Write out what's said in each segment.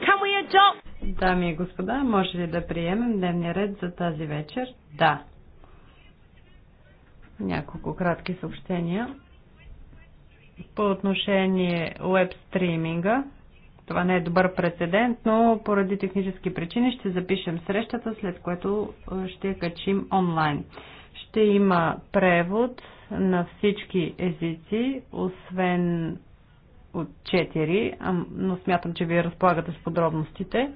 can we adopt... Дами и господа, може ли да приемем дневния ред за тази вечер? Да. Няколко кратки съобщения. По отношение веб стриминга, това не е добър прецедент, но поради технически причини ще запишем срещата, след което е, ще я качим онлайн. Ще има превод на всички езици, освен от 4, но смятам, че вие разполагате с подробностите.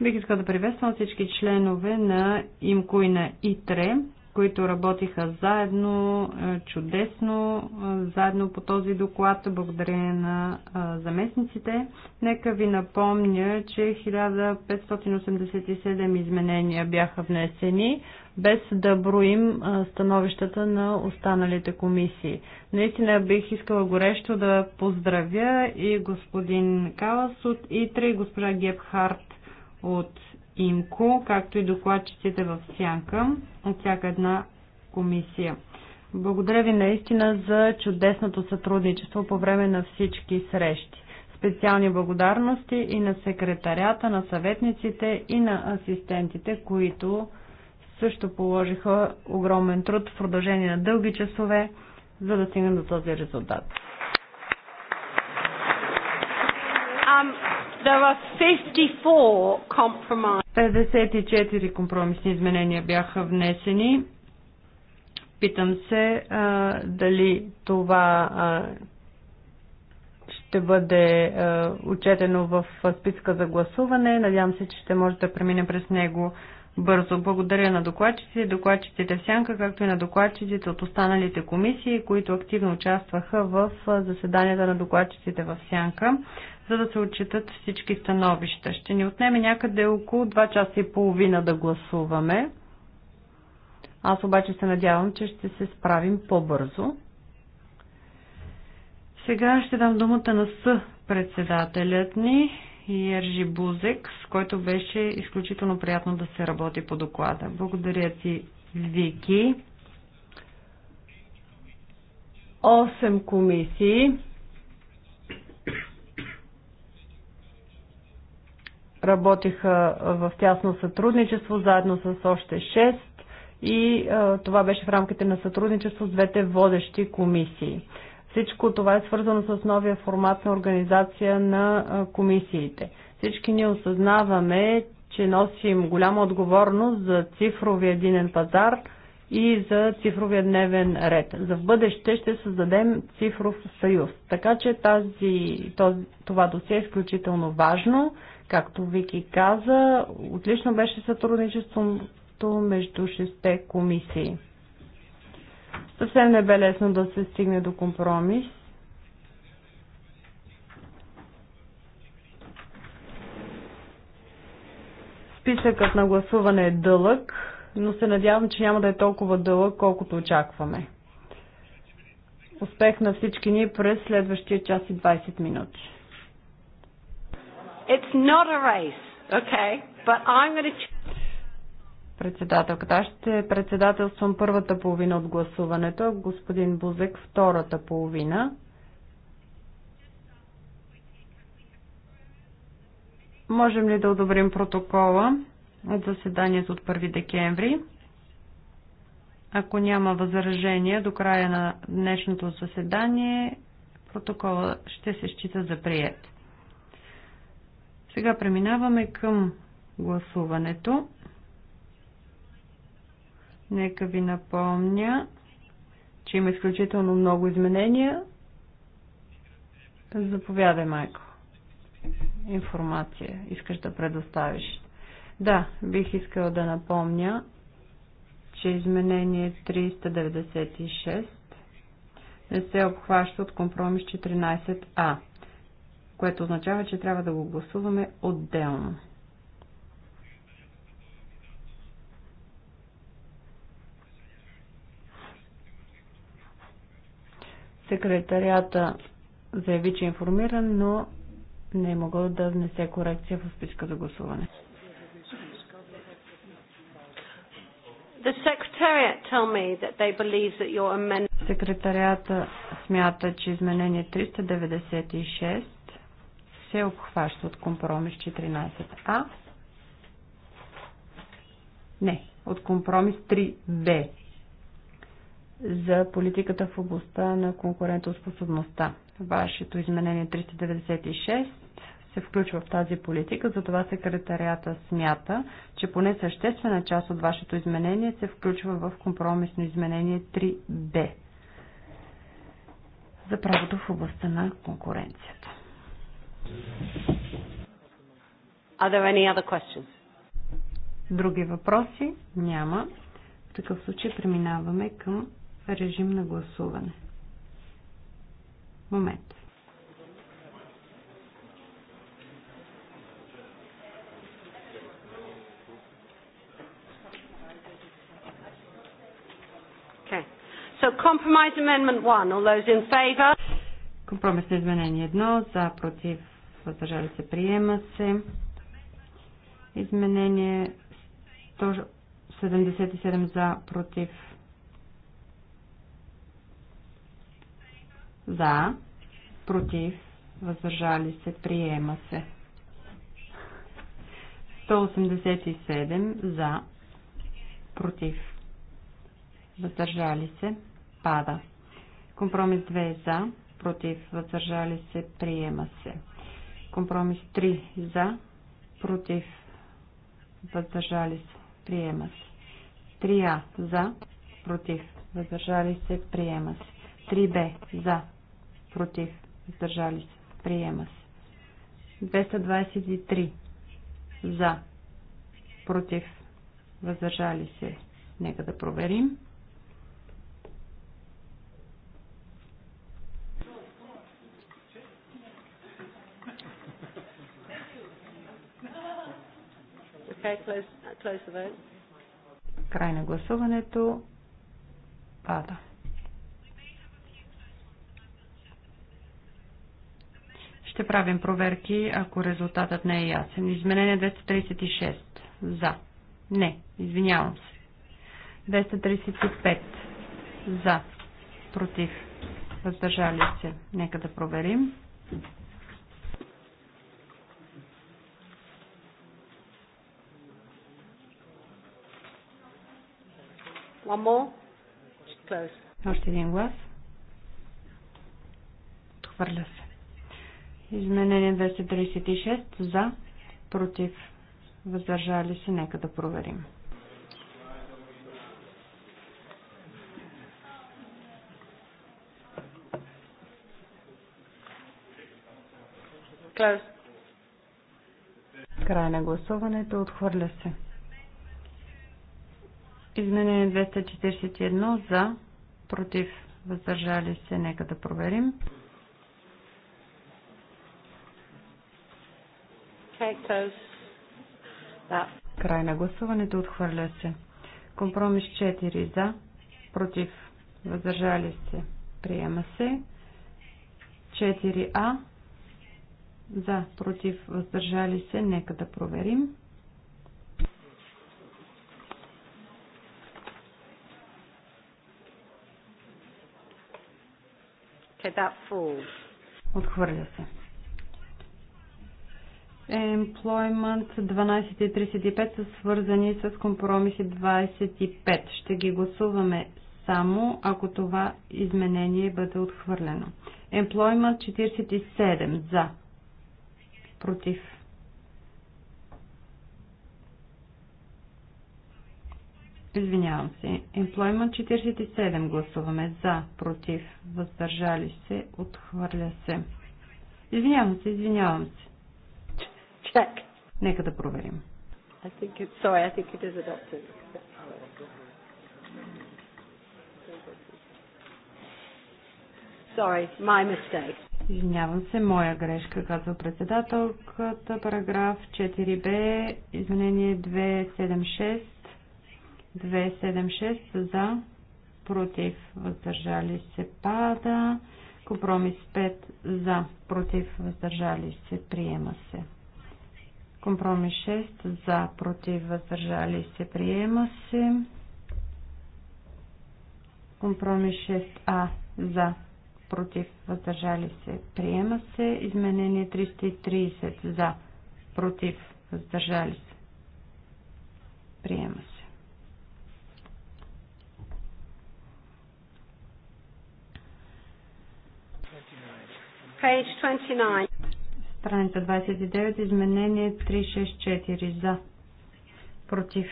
Бих искал да приветствам всички членове на ИМКО и на ИТРЕ, които работиха заедно, е, чудесно, е, заедно по този доклад, благодарение на е, заместниците. Нека ви напомня, че 1587 изменения бяха внесени без да броим становищата на останалите комисии. Наистина бих искала горещо да поздравя и господин Калас от ИТРА и госпожа Гебхарт от ИМКО, както и докладчиците в Сянка от всяка една комисия. Благодаря ви наистина за чудесното сътрудничество по време на всички срещи. Специални благодарности и на секретарята, на съветниците и на асистентите, които също положиха огромен труд в продължение на дълги часове, за да стигнат до този резултат. Um, there are 54 compromise. 54 компромисни изменения бяха внесени. Питам се а, дали това а, ще бъде а, учетено в списка за гласуване. Надявам се, че ще може да премине през него бързо. Благодаря на докладчиците, докладчиците в Сянка, както и на докладчиците от останалите комисии, които активно участваха в заседанията на докладчиците в Сянка, за да се отчитат всички становища. Ще ни отнеме някъде около 2 часа и половина да гласуваме. Аз обаче се надявам, че ще се справим по-бързо. Сега ще дам думата на съ председателят ни и Ержи Бузек, с който беше изключително приятно да се работи по доклада. Благодаря ти, Вики. Осем комисии. Работиха в тясно сътрудничество, заедно с още 6 и а, това беше в рамките на сътрудничество с двете водещи комисии. Всичко това е свързано с новия формат на организация на комисиите. Всички ние осъзнаваме, че носим голяма отговорност за цифровия единен пазар и за цифровия дневен ред. За в бъдеще ще създадем цифров съюз. Така че тази, този, това досе е изключително важно. Както Вики каза, отлично беше сътрудничеството между шесте комисии. Съвсем не бе лесно да се стигне до компромис. Списъкът на гласуване е дълъг, но се надявам, че няма да е толкова дълъг, колкото очакваме. Успех на всички ни през следващия час и 20 минути. It's not a race, okay? But I'm going to председателката. Аз ще председателствам първата половина от гласуването, господин Бузек втората половина. Можем ли да одобрим протокола от заседанието от 1 декември? Ако няма възражение до края на днешното заседание, протокола ще се счита за прият. Сега преминаваме към гласуването. Нека ви напомня, че има изключително много изменения. Заповядай, майко. Информация искаш да предоставиш. Да, бих искала да напомня, че изменение 396 не се обхваща от компромис 14а, което означава, че трябва да го гласуваме отделно. Секретарията заяви, че е информиран, но не е могъл да внесе корекция в списка за гласуване. Секретарията смята, че изменение 396 се обхваща от компромис 14А. Не, от компромис 3Б за политиката в областта на конкурентоспособността. Вашето изменение 396 се включва в тази политика, затова секретарията смята, че поне съществена част от вашето изменение се включва в компромисно изменение 3Б за правото в областта на конкуренцията. Are there any other questions? Други въпроси? Няма. В такъв случай преминаваме към режим на гласуване. Момент. Компромисно изменение 1, за, против, въздържали се, приема се. Изменение 177 за, против, За. Против. Въздържали се. Приема се. 187. За. Против. Въздържали се. Пада. Компромис 2. За. Против. Въздържали се. Приема се. Компромис 3. За. Против. Въздържали се. Приема се. 3А. За. Против. Въздържали се. Приема се. 3Б. За против, въздържали се, приема се. 223 за, против, въздържали се. Нека да проверим. Okay, close, close Край на гласуването пада. Ще правим проверки, ако резултатът не е ясен. Изменение 236. За. Не. Извинявам се. 235. За. Против. Въздържали се. Нека да проверим. One more. Close. Още един глас. Отхвърля се. Изменение 236 за, против, въздържали се. Нека да проверим. Край на гласуването отхвърля се. Изменение 241 за, против, въздържали се. Нека да проверим. Край на гласуването отхвърля се. Компромис 4 за, против, въздържали се, приема се. 4а за, против, въздържали се, нека да проверим. Okay, that falls. Отхвърля се. Employment 1235 са свързани с компромиси 25. Ще ги гласуваме само ако това изменение бъде отхвърлено. Employment 47 за. Против. Извинявам се. Employment 47 гласуваме за, против, въздържали се, отхвърля се. Извинявам се, извинявам се check. Нека да проверим. I think it, sorry, I think it is adopted. Sorry, my mistake. Извинявам се, моя грешка, казва председателката. Параграф 4б, изменение 276. 276 за, против, въздържали се, пада. Компромис 5 за, против, въздържали се, приема се. Компромис 6 за, против, въздържали се, приема се. Компромис 6а за, против, въздържали се, приема се. Изменение 330 за, против, въздържали се, приема се. Page 29. Страница 29, изменение 364 за. Против.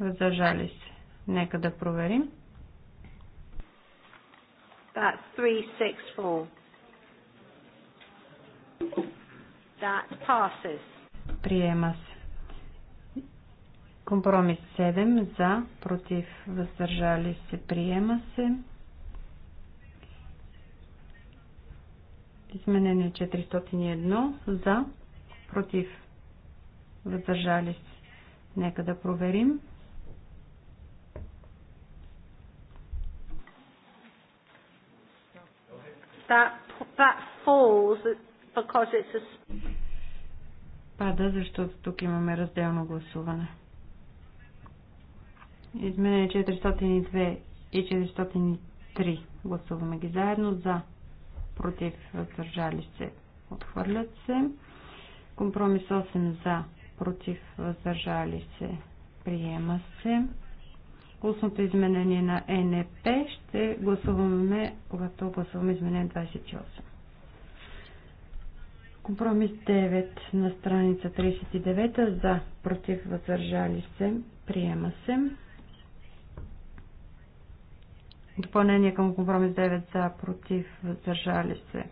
Въздържали се. Нека да проверим. That's 364. That passes. Приема се. Компромис 7 за, против, въздържали се, приема се. Изменение 401 за, против, въздържали се. Нека да проверим. That, that falls because it's a... Пада, защото тук имаме разделно гласуване. Изменение 402 и 403. Гласуваме ги заедно за против, въздържали се, отхвърлят се. Компромис 8 за, против, въздържали се, приема се. Устното изменение на НП ще гласуваме, когато гласуваме изменение 28. Компромис 9 на страница 39 за, против, въздържали се, приема се. Допълнение към компромис 9 за, против, въздържали се.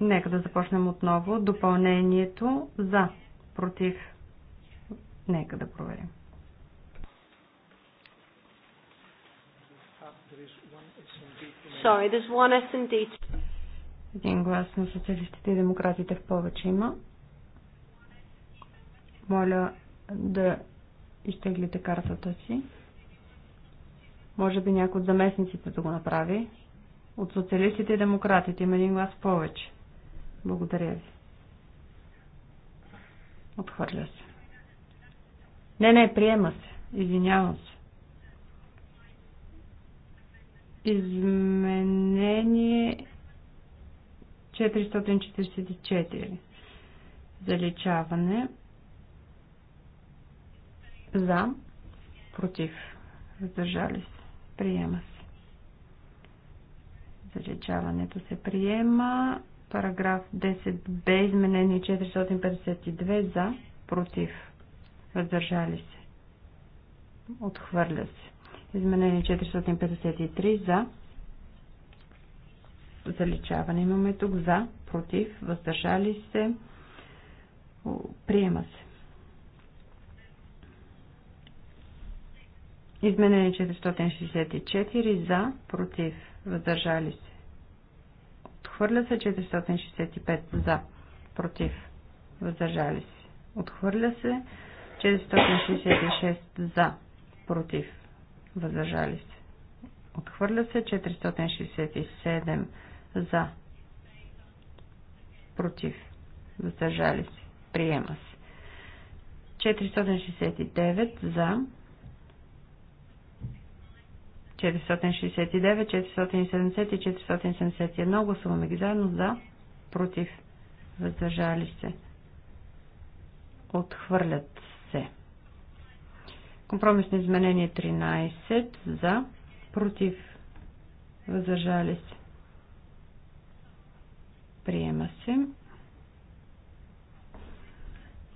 Нека да започнем отново. Допълнението за, против. Нека да проверим. Един глас на социалистите и демократите в повече има. Моля да изтеглите картата си. Може би някой от заместниците да го направи. От социалистите и демократите има един глас повече. Благодаря ви. Отхвърля се. Не, не, приема се. Извинявам се. Изменение 444. Заличаване. За. Против. Задържали се. Приема се. Заличаването се приема. Параграф 10 бе изменение 452 за, против, въздържали се. Отхвърля се. Изменение 453 за. Заличаване имаме тук за, против, въздържали се. Приема се. Изменени 464 за, против, въздържали се. Отхвърля се 465 за, против, въздържали се. Отхвърля се 466 за, против, въздържали се. Отхвърля се 467 за, против, въздържали се. Приема се. 469 за, 469, 470 и 471. Гласуваме ги заедно за, против, въздържали се. Отхвърлят се. Компромисно изменение 13 за, против, въздържали се. Приема се.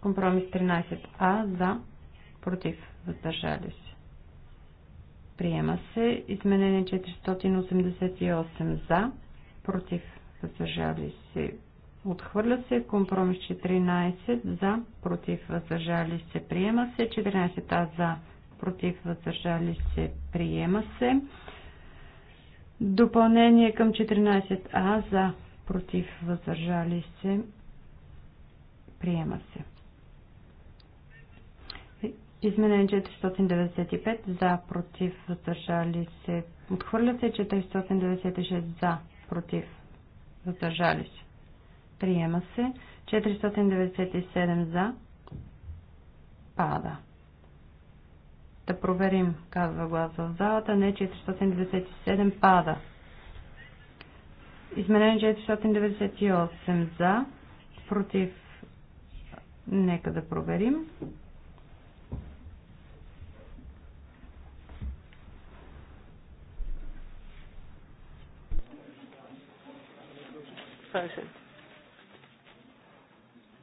Компромис 13а за, против, въздържали се. Приема се. Изменение 488 за. Против. Въздържали се. Отхвърля се. Компромис 14 за. Против. Въздържали се. Приема се. 14а за. Против. Въздържали се. Приема се. Допълнение към 14а за. Против. Въздържали се. Приема се. Изменен 495 за, против, въздържали се. Отхвърля се 496 за, против, въздържали се. Приема се 497 за, пада. Да проверим, казва глас в залата. Не, 497 пада. Изменен 498 за, против. Нека да проверим.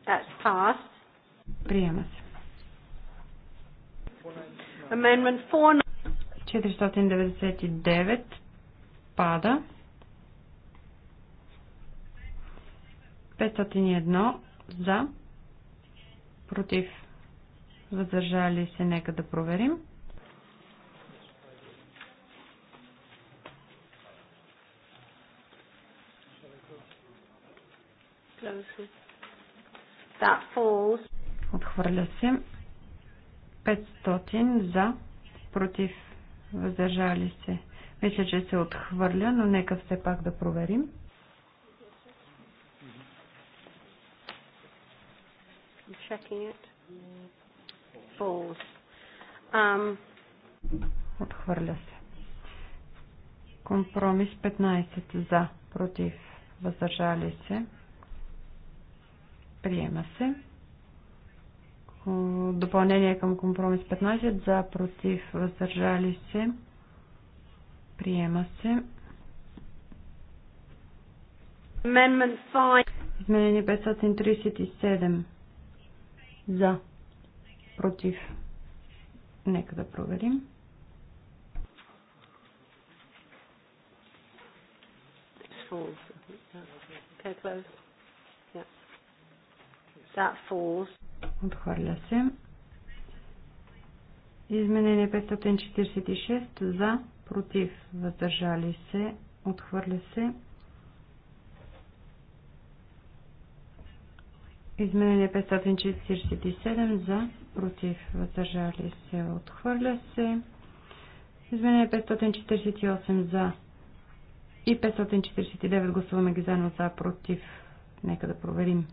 That's passed. Приема се. Amendment 499 пада. 501 за. Против. Въздържали се, нека да проверим. falls. Отхвърля се. 500 за, против, въздържали се. Мисля, че се отхвърля, но нека все пак да проверим. Um... Отхвърля се. Компромис 15 за, против, въздържали се. Приема се. Допълнение към компромис 15. За, против, въздържали се. Приема се. Изменение 537. За. Против. Нека да проверим. Okay, close. That falls. Отхвърля се. Изменение 546 за, против, въздържали се, отхвърля се. Изменение 547 за, против, въздържали се, отхвърля се. Изменение 548 за и 549 гласуваме ги заедно за, против. Нека да проверим.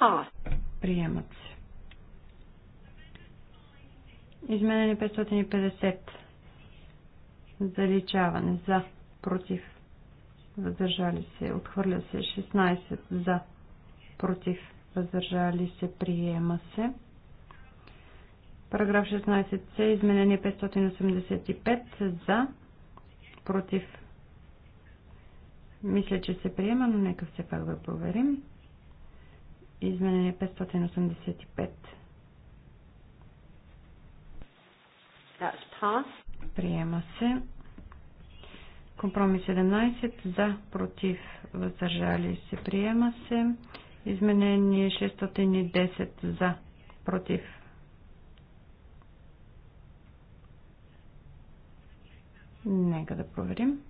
path. Приемат се. Изменени 550. Заличаване. За. Против. Въздържали се. Отхвърля се. 16. За. Против. Въздържали се. Приема се. Параграф 16c. Изменение 585. За. Против. Мисля, че се приема, но нека все пак да проверим. Изменение 585. Приема се. Компромис 17. За, против, въздържали се. Приема се. Изменение 610. За, против. Нека да проверим.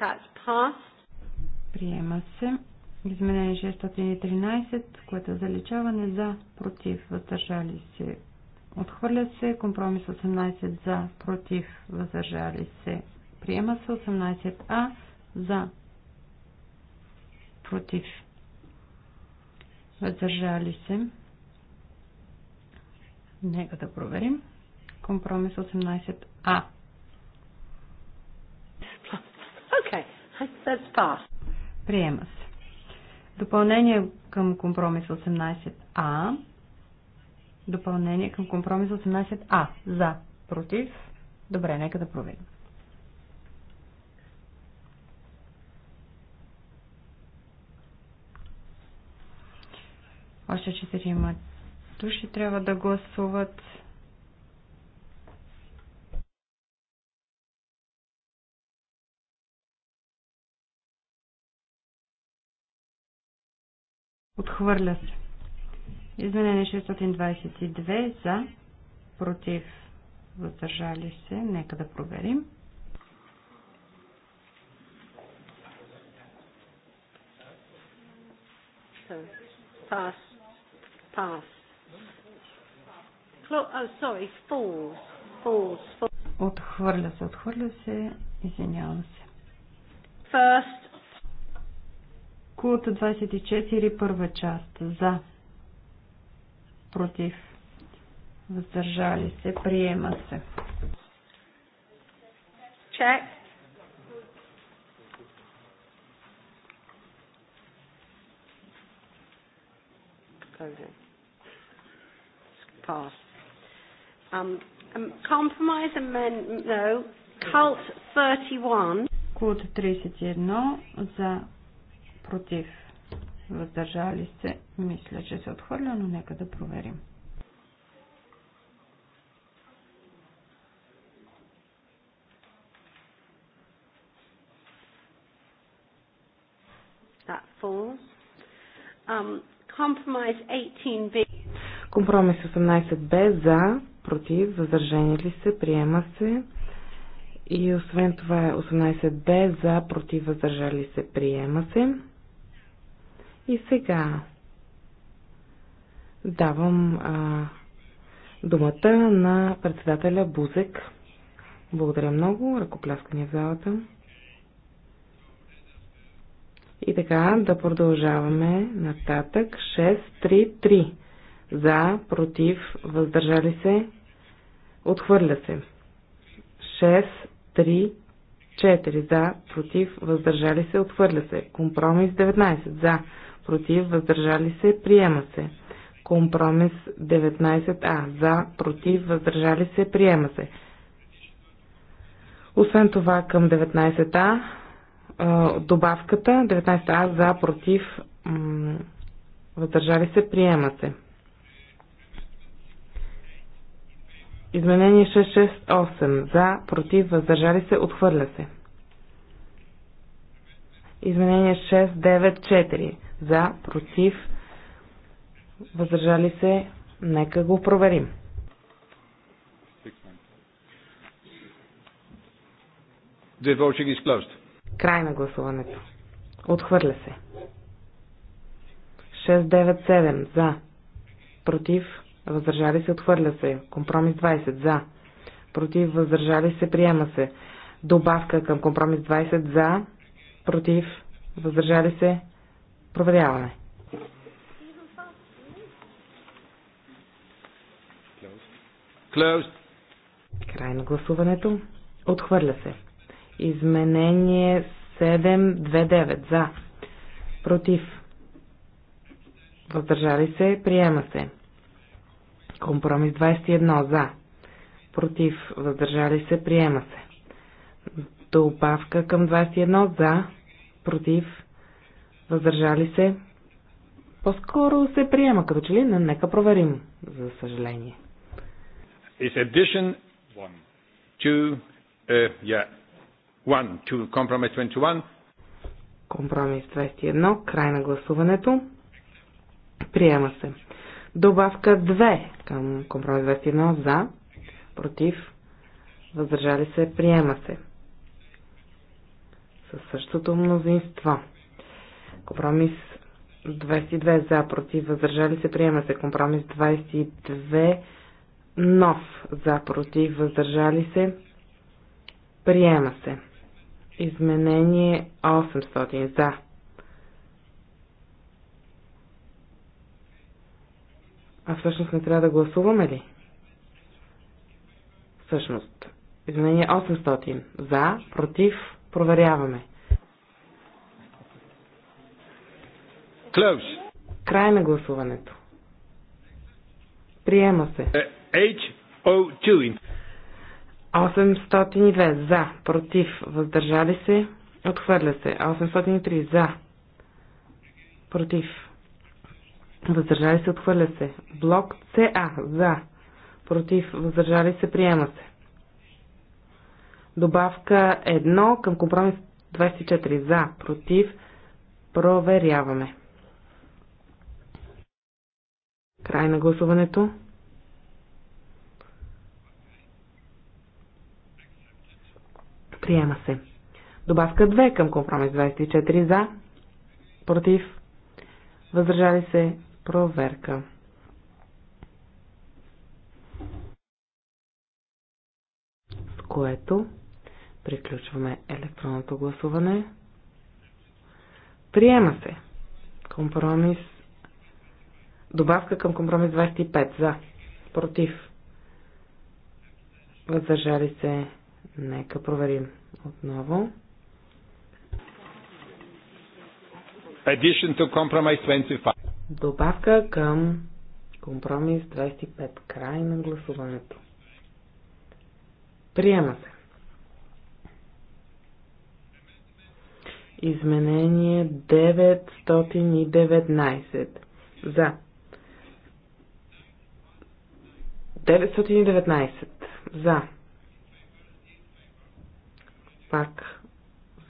That's passed. Приема се. Изменение 613, което е заличаване за, против, въздържали се, отхвърля се. Компромис 18 за, против, въздържали се. Приема се 18а за, против, въздържали се. Нека да проверим. Компромис 18а. Приема се. Допълнение към компромис 18А. Допълнение към компромис 18А. За. Против. Добре, нека да проведем. Още четирима души трябва да гласуват. Отхвърля се. Изменение 622 за, против, въздържали се. Нека да проверим. Oh, отхвърля се, отхвърля се, извинявам се. First Култ 24, първа част. За. Против. Въздържали се. Приема се. Чек. 31. Um, um, Култ 31 за против, въздържали се, мисля, че се отхвърля, но нека да проверим. Um, Компромис 18b за, против, въздържани ли се, приема се. И освен това е 18b за, против, въздържали се, приема се. И сега давам а, думата на председателя Бузек. Благодаря много. Ръкопляскане в залата. И така, да продължаваме нататък. 6-3-3. За, против, въздържали се, отхвърля се. 6-3-4. За, против, въздържали се, отхвърля се. Компромис 19. За, против, въздържали се, приема се. Компромис 19а, за, против, въздържали се, приема се. Освен това към 19а, добавката 19а за, против, въздържали се, приема се. Изменение 668. За, против, въздържали се, отхвърля се. Изменение 694 за, против, въздържали се, нека го проверим. Край на гласуването. Отхвърля се. 697 за. Против. Въздържали се. Отхвърля се. Компромис 20 за. Против. Въздържали се. Приема се. Добавка към компромис 20 за. Против. Въздържали се. Проверяваме. Closed. Край на гласуването. Отхвърля се. Изменение 729. За. Против. Въздържали се. Приема се. Компромис 21. За. Против. Въздържали се. Приема се. Добавка към 21. За. Против въздържали се, по-скоро се приема като че ли, но нека проверим, за съжаление. Is addition one, two, uh, yeah, one, two, compromise 21. Компромис 21, край на гласуването. Приема се. Добавка 2 към компромис 21 за, против, въздържали се, приема се. Със същото мнозинство. Компромис 22 за, против, въздържали се, приема се. Компромис 22 нов за, против, въздържали се, приема се. Изменение 800 за. А всъщност не трябва да гласуваме ли? Всъщност. Изменение 800. За, против, проверяваме. Close. Край на гласуването. Приема се. Е, h O 802 за, против, въздържали се, отхвърля се. 803 за, против, въздържали се, отхвърля се. Блок CA за, против, въздържали се, приема се. Добавка 1 към компромис 24 за, против, проверяваме. Край на гласуването. Приема се. Добавка 2 към компромис 24 за. Против. Въздържали се. Проверка. С което приключваме електронното гласуване. Приема се. Компромис Добавка към компромис 25. За. Против. Въздържали се. Нека проверим отново. Addition to compromise 25. Добавка към компромис 25. Край на гласуването. Приема се. Изменение 919. За. 919. За. Пак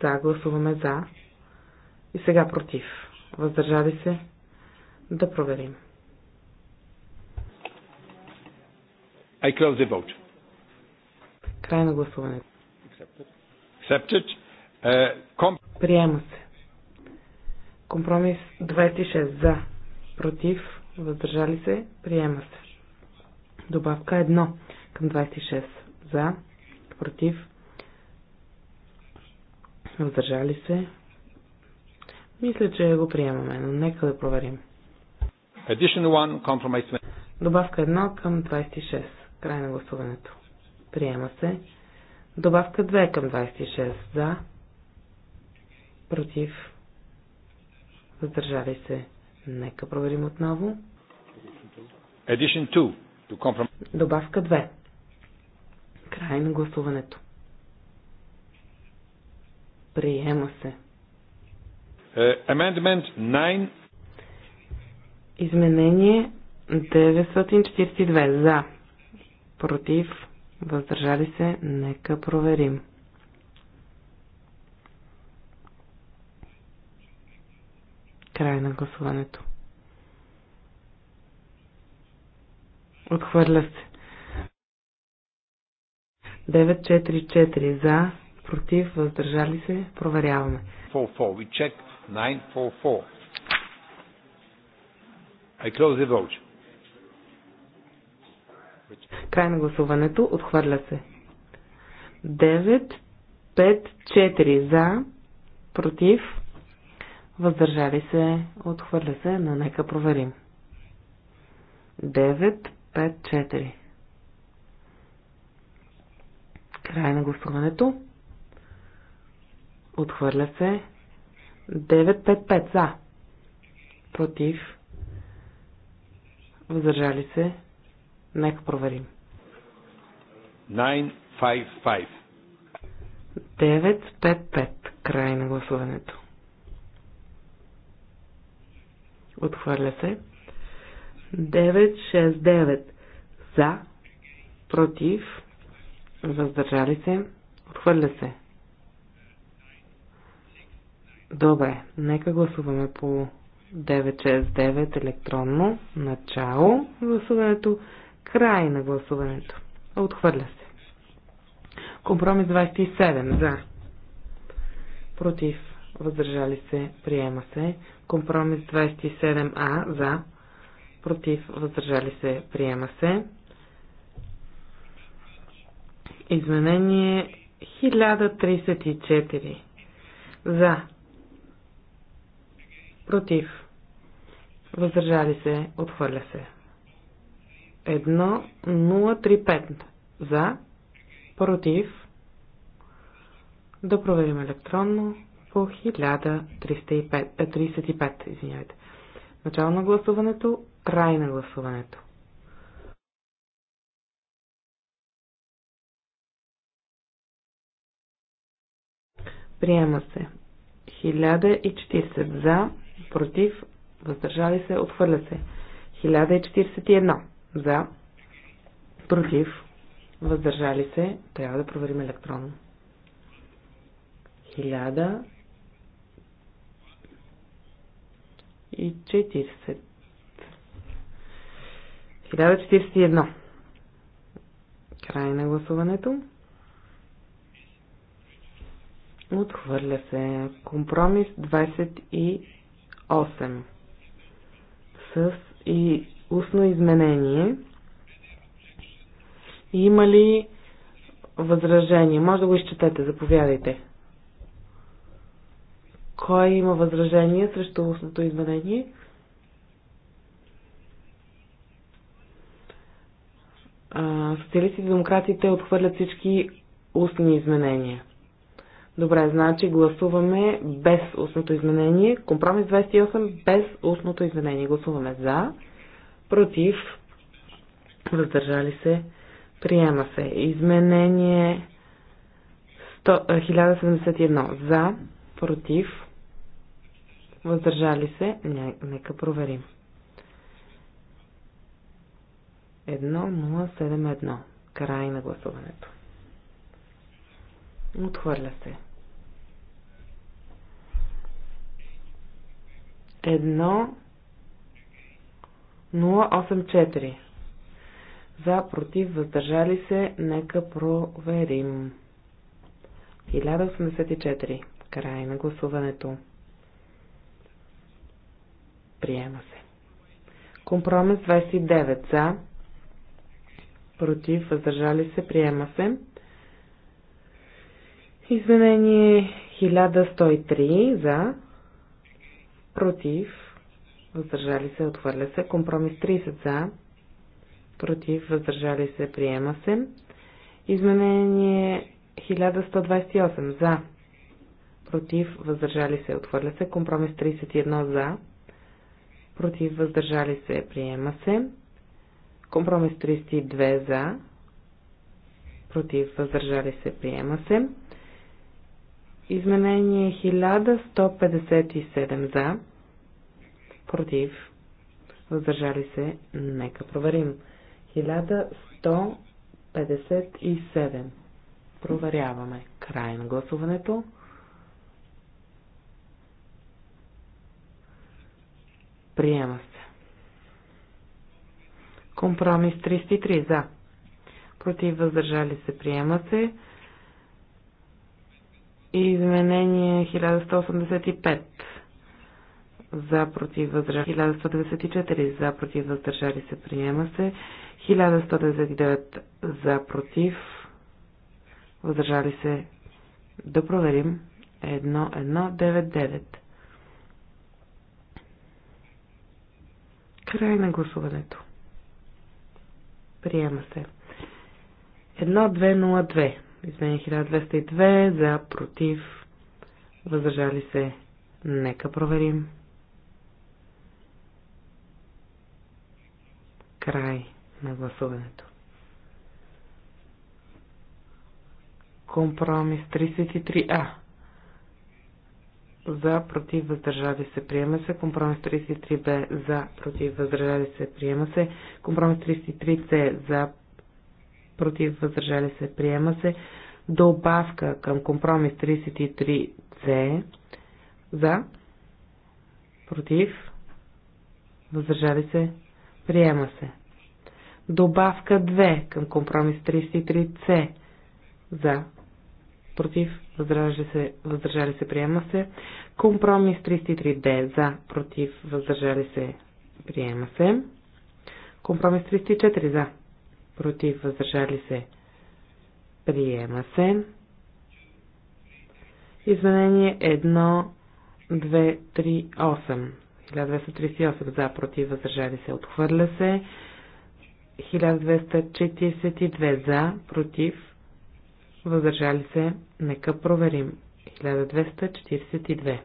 за. Гласуваме за. И сега против. Въздържали се. Да проверим. I close the vote. Край на гласуването. Accepted. Accepted. Uh, е, comp- Приема се. Компромис 26 за. Против. Въздържали се. Приема се. Добавка 1 към 26. За, против, въздържали се. Мисля, че го приемаме, но нека да проверим. Добавка 1 към 26. Край на гласуването. Приема се. Добавка 2 към 26. За. Против. Въздържали се. Нека проверим отново. Addition 2. Добавка 2. Край на гласуването. Приема се. Uh, amendment 9. Изменение 942. За. Против. Въздържали се. Нека проверим. Край на гласуването. Отхвърля се. 944 за, против, въздържали се, проверяваме. 44. We check 944. I close the vote. Край на гласуването. Отхвърля се. 954 за, против, въздържали се, отхвърля се, но нека проверим. 9 5-4. Край на гласуването. Отхвърля се. 9-5-5 за. Против. Въздържали се. Нека проверим. 9-5-5. 9-5-5. Край на гласуването. Отхвърля се. 969 за, против, въздържали се, отхвърля се. Добре, нека гласуваме по 969 електронно. Начало на гласуването, край на гласуването. Отхвърля се. Компромис 27 за. Против. Въздържали се. Приема се. Компромис 27а за против, въздържали се, приема се. Изменение 1034. За. Против. Въздържали се. Отхвърля се. 1035. За. Против. Да проверим електронно по 1035. Е, извинявайте. Начало на гласуването. Край на гласуването. Приема се. 1040 за, против, въздържали се, отхвърля се. 1041 за, против, въздържали се, трябва да проверим електронно. 1040 1041. Е Край на гласуването. Отхвърля се. Компромис 28. С и устно изменение. Има ли възражение? Може да го изчетете. Заповядайте. Кой има възражение срещу устното изменение? социалистите и демократите отхвърлят всички устни изменения. Добре, значи гласуваме без устното изменение. Компромис 28 без устното изменение. Гласуваме за, против, въздържали се, приема се. Изменение 100, 1071 за, против, въздържали се. Нека проверим. 1071. Край на гласуването. Отхвърля се. 1084. За, против, въздържали се, нека проверим. 1084. Край на гласуването. Приема се. Компромис 29 за, против, въздържали се, приема се. Изменение 1103 за, против, въздържали се, отхвърля се. Компромис 30 за, против, въздържали се, приема се. Изменение 1128 за, против, въздържали се, отхвърля се. Компромис 31 за, против, въздържали се, приема се. Компромис 32 за, против, въздържали се, приема се. Изменение 1157 за, против, въздържали се, нека проверим. 1157. Проверяваме. Край на гласуването. Приема Компромис 33 за. Против въздържали се приема се. И изменение 1185 за против въздържали 1194 за против въздържали се приема се 1199 за против въздържали се да проверим 1199 край на гласуването Приема се. 1202. Изменение 1202 за против. Въздържали се. Нека проверим. Край на гласуването. Компромис 33А за, против, въздържали се, приема се. Компромис 33Б за, против, въздържали се, приема се. Компромис 33C за, против, въздържали се, приема се. Добавка към компромис 33C за, против, въздържали се, приема се. Добавка 2 към компромис 33C за, против, въздържали се, въздържали се, приема се. Компромис 33D за, против, въздържали се, приема се. Компромис 34 за, против, въздържали се, приема се. Изменение 1, 2, 3, 8. 1238 за, против, въздържали се, отхвърля се. 1242 за, против, въздържали се, нека проверим. 1242.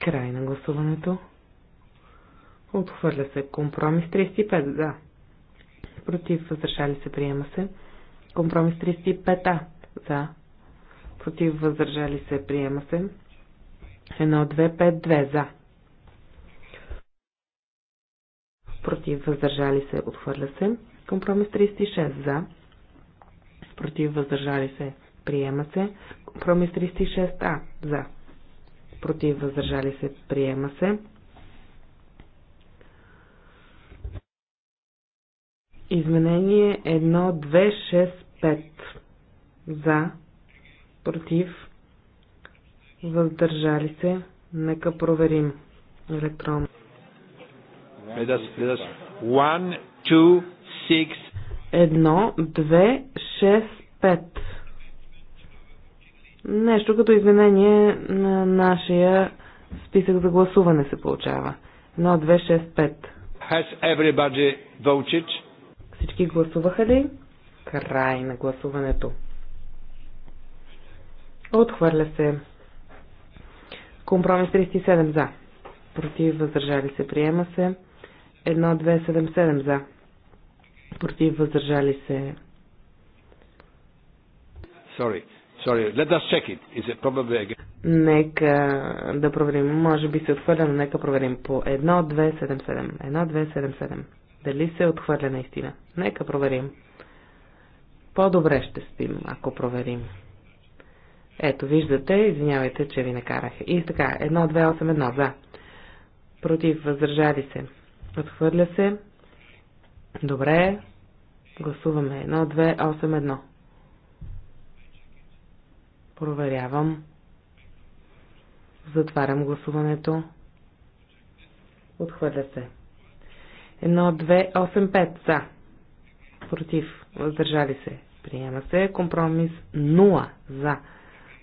Край на гласуването. Отхвърля се. Компромис 35. Да. Против. Въздържали се. Приема се. Компромис 35А. За. Против. Въздържали се. Приема се. 1252. За. Против. Въздържали се. Отхвърля се. Компромис 36 за. Против въздържали се. Приема се. Компромис 36а за. Против въздържали се. Приема се. Изменение 1265 за. Против въздържали се. Нека проверим електронно. Let us, let us. One, two, 6. 1, 2, 6, 5. Нещо като изменение на нашия списък за гласуване се получава. 1, 2, 6, 5. Всички гласуваха ли? Край на гласуването. Отхвърля се. Компромис 37 за. Против въздържали се. Приема се. 1277 за против въздържали се. Sorry. Sorry, let us check it. Is it probably again? Нека да проверим. Може би се отхвърля, но нека проверим по 1277. 1277. Дали се отхвърля наистина? Нека проверим. По-добре ще спим, ако проверим. Ето, виждате, извинявайте, че ви накарах. И така, 1281 за. Против, въздържали се. Отхвърля се. Добре. Гласуваме. 1, 2, 8, 1. Проверявам. Затварям гласуването. Отхвърля се. 1, 2, 8, 5. За. Против. Въздържали се. Приема се. Компромис 0. За.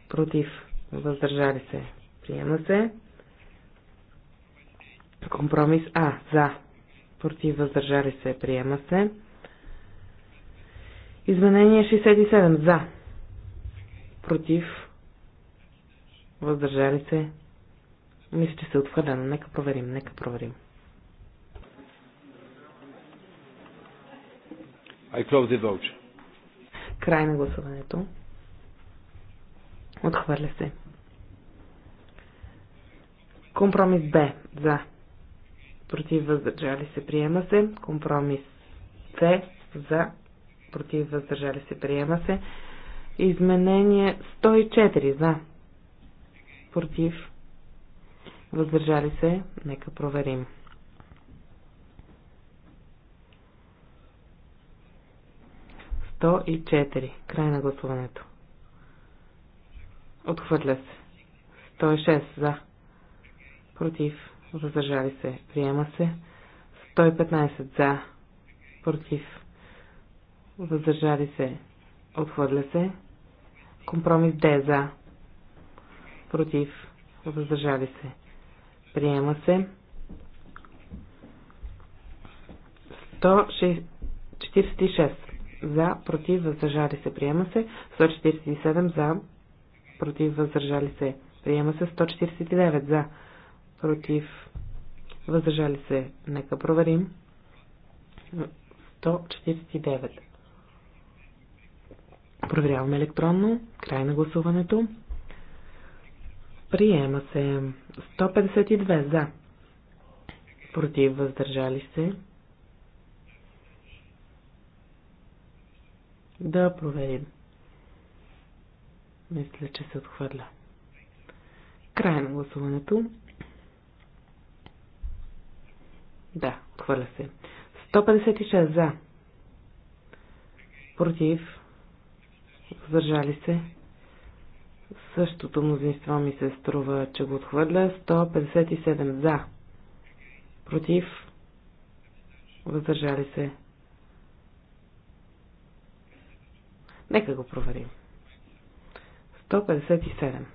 Против. Въздържали се. Приема се. Компромис А. За против, въздържали се, приема се. Изменение 67 за, против, въздържали се. Мисля, че се е отхвърлено. Нека проверим, нека проверим. I close the vote. Край на гласуването. Отхвърля се. Компромис Б. За против въздържали се, приема се. Компромис С за, против въздържали се, приема се. Изменение 104 за, против въздържали се, нека проверим. и 4. Край на гласуването. Отхвърля се. 106 за. Против въздържали се, приема се. 115 за, против, въздържали се, отхвърля се. Компромис Д за, против, въздържали се, приема се. 146 за, против, въздържали се, приема се. 147 за, против, въздържали се, приема се. 149 за, против, въздържали се. Нека проверим. 149. Проверяваме електронно. Край на гласуването. Приема се 152 за. Против въздържали се. Да проверим. Мисля, че се отхвърля. Край на гласуването. Да, хвърля се. 156 за. Против. Задържали се. Същото мнозинство ми се струва, че го отхвърля. 157 за. Против. Въздържали се. Нека го проверим. 157.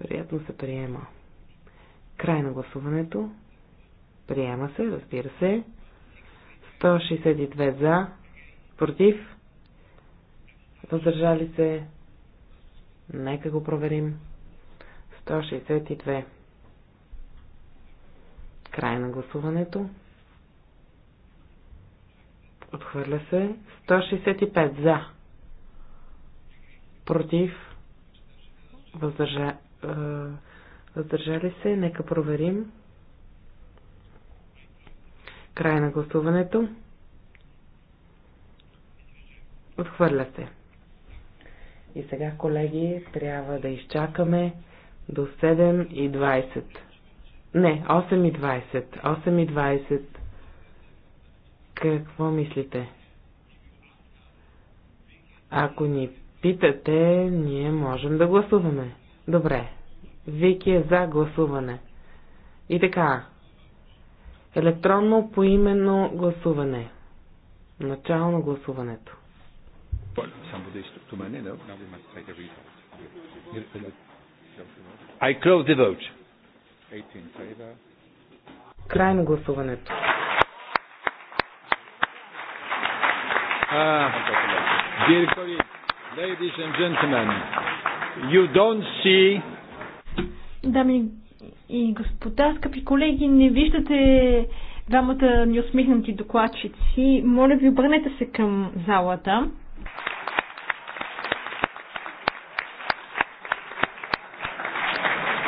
Вероятно се приема. Край на гласуването. Приема се, разбира се. 162 за, против, въздържали се. Нека го проверим. 162. Край на гласуването. Отхвърля се. 165 за. Против. Въздържа, въздържали се. Нека проверим. Край на гласуването. Отхвърля се. И сега, колеги, трябва да изчакаме до 7 и 20. Не, 8 и 20. 8 и 20. Какво мислите? Ако ни питате, ние можем да гласуваме. Добре. Вики е за гласуване. И така, Електронно поименно гласуване. Начало на гласуването. I close the vote. Край на гласуването. Uh, dear Дами и господа, скъпи колеги, не виждате двамата ни усмихнати докладчици. Моля ви, обърнете се към залата.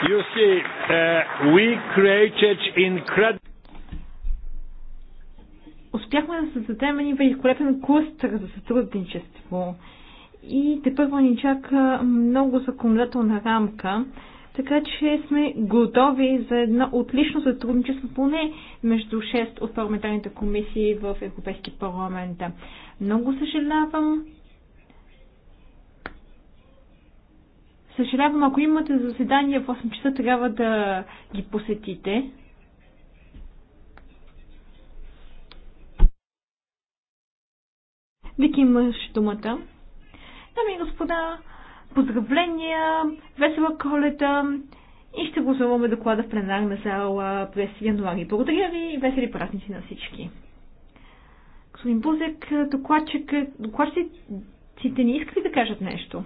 You see, uh, we created incredible успяхме да създадем един великолепен клъстър за сътрудничество. И те първо ни чака много законодателна рамка, така че сме готови за едно отлично сътрудничество поне между 6 от парламентарните комисии в Европейски парламент. Много съжалявам. Съжалявам, ако имате заседания в 8 часа, трябва да ги посетите. Вики имаш думата. Дами и господа, Поздравления, весела коледа и ще гласуваме доклада в пленарна зала през януари. Благодаря ви и весели празници на всички. Господин Бузек, докладчик, докладчиците не искали да кажат нещо.